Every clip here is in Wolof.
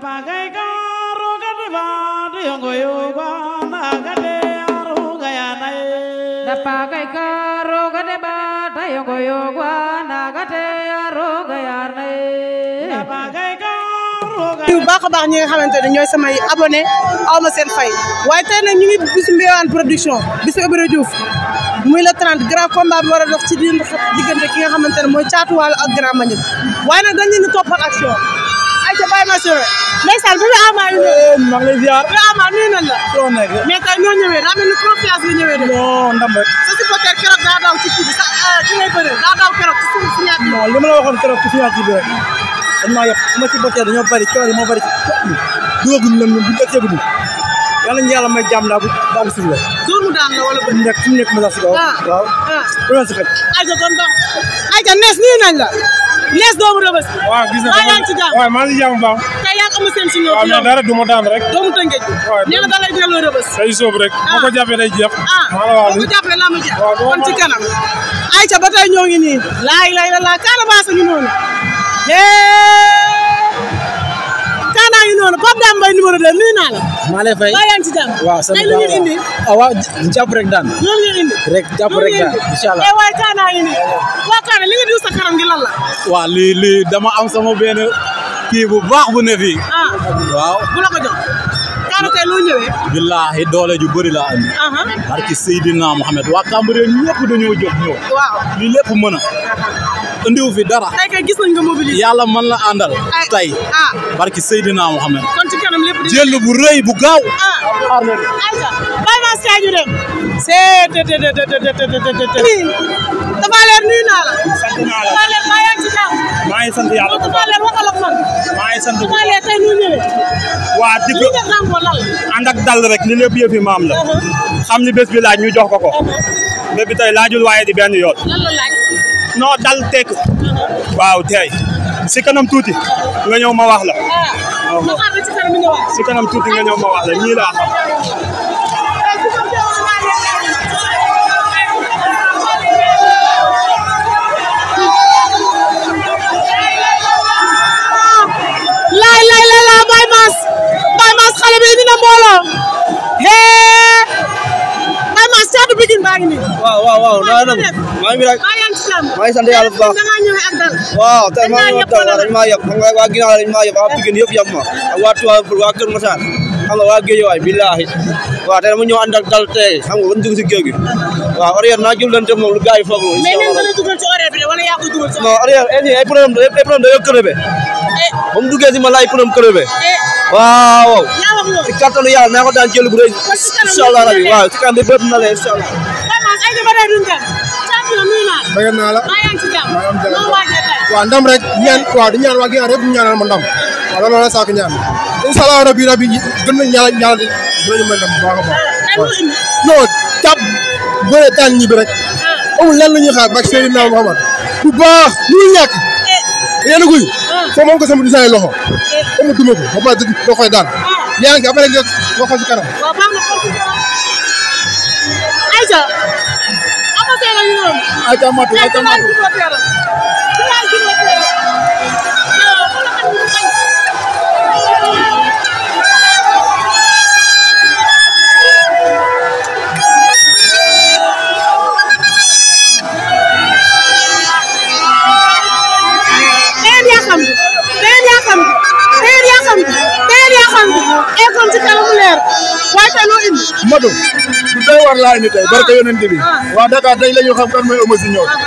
pakai karo gade bata yongo yogwa nagate aro gayarne pakai karo gade bu baax a baax ñi nga xamante ne ñooy samay abonné aw ma seen fay waaye tey nag ñu ngi bisu Mbéwane production bisu Ibra Diouf muy le 30 grand combat bi war a dox ci diggante ki nga xamante ne mooy caatuwaalo ak grand mañit waaye nag dañ leen di toppal action bay national ndeysaan bu fi ama ñu eh, ma ngi lay ziar bu ama nuyu nañ la soo nekk mais tey ñoo ñëwee daa mel ni confiance la ñëwee de non ndam rek sa supporter keroog daa daw ci kii bi sax eh, ki ngay bëre daa daw keroog ci suñu signature non li ma la waxoon keroog ci signature bi rek dañ maa yëpp ma ci bokkee dañoo bari coono yi moo bari ci dugaguñ lam ñun bu dëkkee guñ yàlla ñu yàlla may jàmm daa bu daa bu suñu la zone mu daan la wala bëri nekk fu mu nekk ma sax si kaw ah, waaw ah ah ay kon baax ay nees nuyu nañ la lees doomu rëbës. waaw gis nga maa ngi ci jàmm waaw maa ngi ci jàmm bu baax. tey yaa ngi am seen si ñëw. waaw mais dara du ma daan rek. doomu tëngeej. waaw nee na da lay delloo rëbës. day sóob rek. ah boo ko jàppee day jeex. ah boo ko jàppee laa ma jeex. waaw kon ci kanam. ayca ba tey ñoo ngi nii. laay lay la laa kaala baasa ñu noonu. noonu a ah, eh, waaw Kaana li nga diw lii lii dama am sama benn kii bu baax bu ne fii. Ah. waaw bu la ko jox. Kaana tey loo ñëwee. billaahi doole ju bëri laa andi. Ah, barki Seydina Mohamed waa Cambérène ñëpp dañoo jóg ñëw. waaw lii lépp mën a. andiwu fi dara. tey kay gis nañ yàlla mën la àndal. tey ah barki Seydina Mohamed. kon ci kanam lépp di. jël bu rëy bu gaaw. Ah. ma saa ñu dem. seet nuyu naa la. sant naa la dafa leer maa yaa ngi ci jàmm. maa ngi sant yàlla dafa leer waxal ak man. maa waa di ko nga nangoo lal. ànd ak dal maam la. xam ni bés bi laaj ñu jox koko ko. bés bi laajul waaye di benn yoon. No dal tek waaw tay ci kanam touti nga ñew ma wax la ah. ci kanam touti nga ñew ma wax la ñii la lay lay lay la bay mas bay mas xale bi dina mbolo he bay mas caatu bigin baangi ni waaw waaw waaw na na ma ngi rek islam ma ngi sant yàlla bu baax da ngaa ñëwee ma dañ nga waa ginnaaw dañ maa yëpp waa Pikine yëpp yëpp ma ak waa Tuubaa pour waa Kër Massar xam nga waa géej waay billaahi waaw tey dama ñëw dal tey xam nga ban dugg si géej gi waaw horaire naa jëlante moom lu gars yi mais nan nga la dugal ci horaire bi wala yaa ko dugal ci non horaire ay problème ay problème dañoo crevé ba mu duggee si ma laay problème crevé waaw si kattanu yàlla naa ko daan jël bu rëy incha allah rabi waaw si bi bëpp na la incha allah bëgg naa la waaw ndam rek ñaan waaw di ñaan waa Guinaar yëpp ñu ñaanal ma ndam waaw loolu la saako ñaan incha allah rabi rabi gën na ñaanal ñaanal dinañu mën ndam bu baax a baax non jàpp bëre tànn ñibbi rek ah. amul lan la ñuy xaar bak Seydina Muhammad bu baax ñu ñàkk eh. yéen a guy foo ah. moom ko sama du say loxo comme eh. duma ko ba pare da koy daan ah. yaa ngi après nga waxal ci kanam ayca matu ayca matu. Teyar yaa xam teyar yaa xam teyar yaa xam waaye tey loo indi. Modou du doy war laa indi tey barke yonent bi ah. waa Dakar tey la ñu xam kan mooy Omo Junior ah, ah.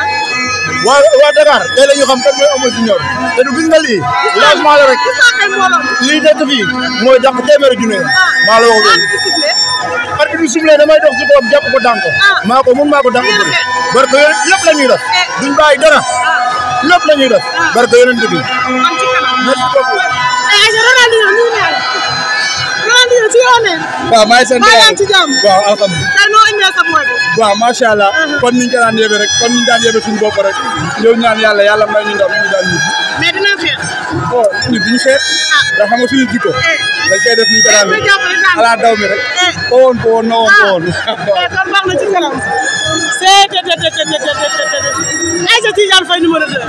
waa waa Dakar tey la xam kan mooy Omo Junior te du gis nga lii lancement la rek lii dëkk fii mooy dàq téeméeri junne maa la wax loolu arbitre bi soufflé damay dox ci kawam jàpp ko daan maa ko mun maa ko daan ko bëri barke yonent lépp la ñuy def eh. ci yoon bi. maa ngi sant yàlla maa ngi ci jàmm. waaw alhamdulilah allah. kon ni ñu yebe rek kon ni ñu daan yebe suñu bopp rek. ñëw ñaan yàlla yàlla may ñu ndam ñu daan ñu. mais dina xeex. bon nit ñi xeex. def ni ñu ko daw mi rek. Eh. ko woon ko woon na woon ko woon. waaw ah. eh, kon baax na Aïcha Tidiane Faye numéro 2. ba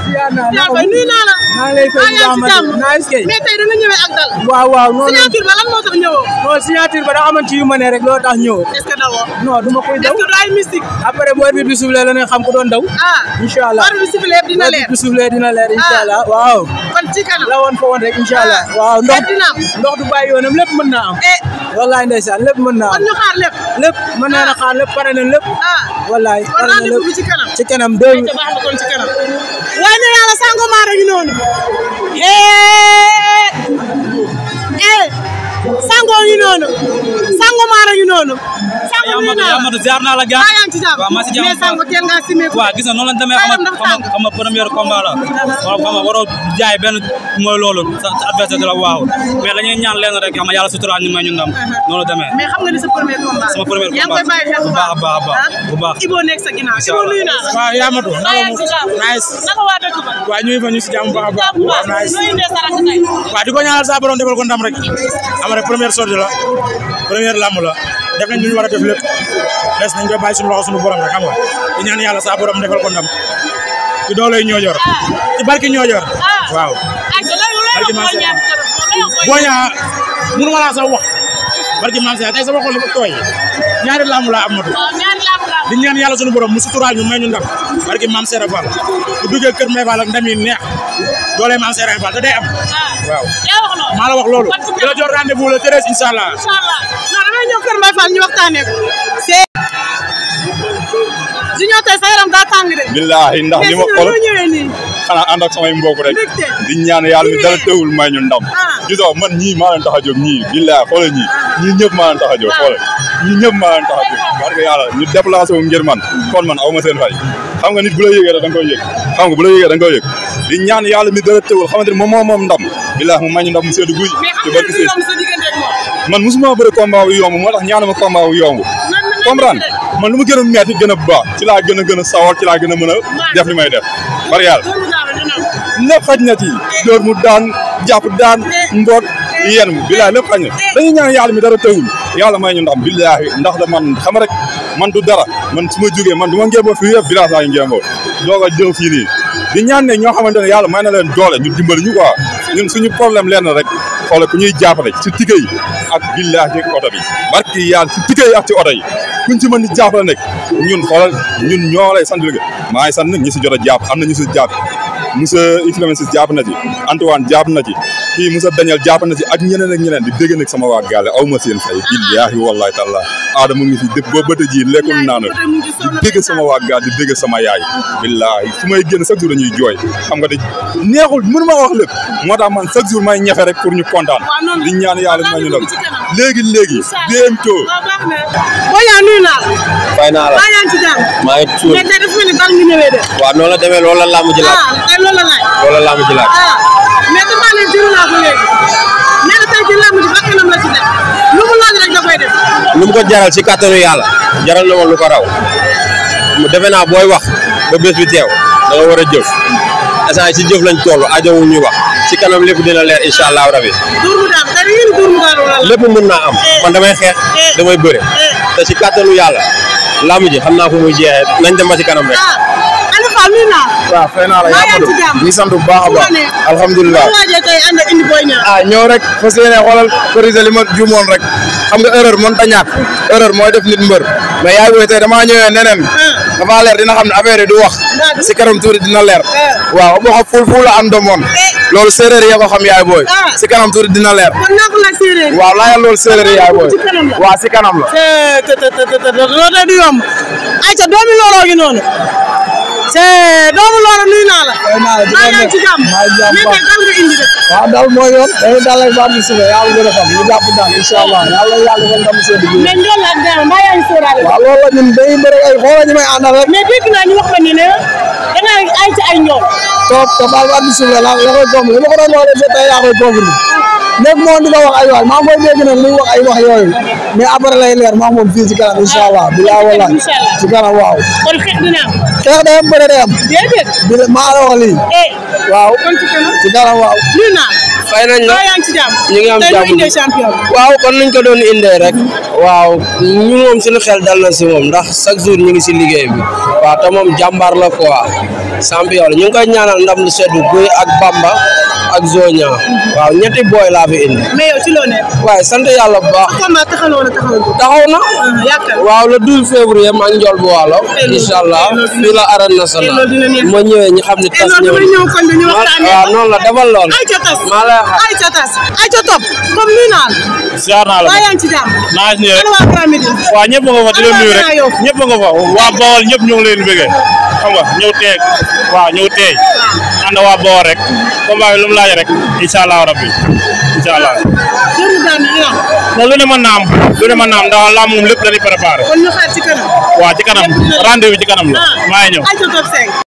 lan moo ci yu ma ne rek loo tax ñëwoo. est ce que koy daw ay mystique. après bu arbitre bi soufflé la ne xam ku doon daw. ah incha allah arbitre bi soufflé dina leer arbitre ah. bi soufflé dina leer incha waaw. la woon fa woon rek incha ah. waaw ndox ndox du bàyyi yoonam lépp mën naa am. Eh, wallaay ndeysaan lépp mën naa. kon ñu xaar lépp. lépp mën naa la ah. xaar lépp pare na lépp. Ah. wallaay pare na lépp ci kanam. ci kanam deux mille baax na kon ci kanam. waaye nee naa la sàngo maa rek noonu. eh sàngoo ñu noonu. sàngo maa rek noonu. yaa ma ziar naa la gaa waaw maa si jàmm mais sangu teel ngaa simee premier combat lah waaw xam nga waroo jaay benn mooy loolu sa adversaire di la waaw mais dañuy ñaan leen rek xam nga yàlla suturaal ñu uh-huh. premier combat sama premier combat yaa ngi koy ibu xel bu baax a baax bu baax Ibo nekk sa ginnaaw Ibo nuyu naa waaw ibu ma tudd naka mu nice naka waa dëkk ba waaw ñu ngi fa ñu si jàmm di ko ñaanal sa borom defal ko ndam rek def nañ lu ñu war a def lépp des nañ ko bàyyi suñu loxo suñu borom rek xam nga di ñaan yàlla sa borom defal ko ndam ci dooley ñoojoor ci barki ñoojoor waaw barki maam Seex boña mënu ma laa sax wax barki maam Seex tey sama xol dafa tooy ñaari laamu laa amatu di ñaan yàlla suñu borom mu suturaal ñu may ñu ndam barki maam Seex Fall bu duggee kër Mbay Fall ak ndam yi neex dooley maam Seex Fall te day am waaw maa la wax loolu di la jox rendez-vous le 13 incha allah ñëw Kër Mbaye Fall ñu waxtaanee ko c'est. Junior billaahi ndax li ma xool xanaa ànd ak samay rek. di ñaan yàlla ni dara teewul may ñu ndam. Ah. gisoo man ñii maa leen tax a jóg ñii billaahi xoolal ñii ñii ñëpp maa leen tax a ñii ñëpp maa leen tax a jóg. Ah. parce que yàlla ñu déplacé wu man. kon man aw ma seen fay. xam nga nit bu la rek da nga koy yëg xam nga bu la yëgee da nga di ñaan yàlla mi dara teewul xamante ni moom moom ndam billahi mu mañu ndam mu seddu guuy ci barki sey man musuma bëre combat yu yomb motax ñaanuma combat yu yomb comprendre man lu gëna metti gëna baax ci la gëna gëna sawar ci la gëna mëna def limay def bar yalla lepp xaj door mu daan japp daan mbot yeen billahi lepp dañu ñaan mi dara teewul may ñu ndam ndax da man xam rek eh. eh. eh. iya, ya, ya. man du dara man suma joge man duma ngebo fi yeb village ay ngebo doga jëw fi ni di ñaan ne ño xamantene yalla may na doole ñu dimbal ñu quoi ñun suñu problème na rek xoolal ku ñuy jàppale ci tigga yi ak billaahi ak oto bi barki yàlla ci tigga yi ak ci oto yi ñu ci mën di jàppale nekk ñun xoolal ñun ñoo lay sant li nga maa ngi ñu si jot a jàpp am na ñu si jàpp monsieur Ibrahima Ciss jàpp na ci Antoine jàpp na ci kii Moussa Daniel jàpp na ci ak ñeneen ak ñeneen di dégg nag sama waa gaale aw ma seen fay billaahi wallaahi taala aadama ngi fi dëpp ba bët ji lekkul naanu di dégg sama waa gaal di dégg sama yaay billaahi su may génn chaque jour dañuy jooy xam nga te neexul mënu ma wax lépp moo tax man chaque jour may ñefe rek pour ñu kontaan di ñaan yàlla ma ñu léegi léegi. bientôt. boo ñëwee nuyu naa la. fay naa la maa ngi ci jàmm. maa ngi ci mais tey dafa mel ni ban nga ñëwee de. waaw noonu la demee loolu la laamu ji laaj. ah tey loolu la laaj. loolu la laamu ji laaj. ah mais dafa ne jiw naa ko léegi. nee na tey jii laamu ji bakkanam la ci def. lu mu laaj rek da koy def. lu mu ko jaral ci kàttanu yàlla. jaral na ma lu ko raw. mu defe naa booy wax ba bés bi teew da nga war a jëf. instant ci jëf lañ toll ajo wu ñuy wax ci kanam lépp dina leer incha allah rabi. lépp mën naa am man damay xeex damay bëre te ci kàttanu yàlla làmb ji xam naa ko muy jeexee nañ dem ba ci kanam rek. Ah, waaw fay naa la yàqu ñu sant bu baax a baax alhamdulilah ah ñëw rek fas yéene xoolal corrigé li ma juumoon rek xam nga erreur mën ta ñàkk erreur mooy def nit mbër mais yaay booy tey damaa neneen ah. dafa leer dina xam ne affaire du wax si kanam tuuti dina leer eh. waaw boo xam ful ful la am domoon eh. loolu séeréer ya ko xam yaay booy ah. si kanam dina leer waaw laajal lool séeréer yaay booy waaw si kanam la eh, loolu du yomb ayca doomi looloo gi noonu c'est doomu loolu nuyu naa la. maa ngi ci jàmm dal nga dal mooy yoon dañuy dalal baax bi suba yàlla gën a xam ñu jàpp daal incha allah yàlla yàlla defal ndam seen dugub. waaw loolu la ñun day bëri ay xool ñu may àndal rek. mais dégg naa ñu wax la ni ne da ngaa ay ci ay ñoom. toog te baal ma bisimilah la la koy confirmer li ma ko doon wax de wax ay wax yooyu mais après lay leer maa fii ci kanam incha allah. incha allah bilaa wala ci kanam waaw. kon xeex xeex day am bëre day am. bi la maa la waaw kon ci kanam. ci waaw. fay nañ la ci ngi am champion. waaw kon nuñ ko doon rek. waaw ñu mom suñu xel dal na si moom ndax chaque jour ñu ngi si liggéey bi. waaw te moom jàmbaar la quoi. champion kan ñu ngi koy ñaanal ndam lu seddu guy ak Bamba. ak Zonia waaw ñetti booy laa fi indi. mais yow ci loo ne. waaye sant yàlla bu baax. taxaw na taxaw na. Ah, waaw le 12 février maa ngi bu waalo. incha fii la arène nationale. ma ñëwee ñu xam ne tas ñëw waaw noonu la defal lool. maa lay xaar ay ca tas la. siyaar naa la waaye yaa ngi ci jàmm. naa si ñëwee waaw ñëpp nga fa di leen nuyu rek ñëpp nga fa waa Bawol teeg ànd waa Bawol rek combat bi lu mu laaj rek rabbi incha allah. non lu ne mën naa am lu lépp la ñuy préparé. kon ci kanam. waaw ci bi ci kanam la. Ah. maa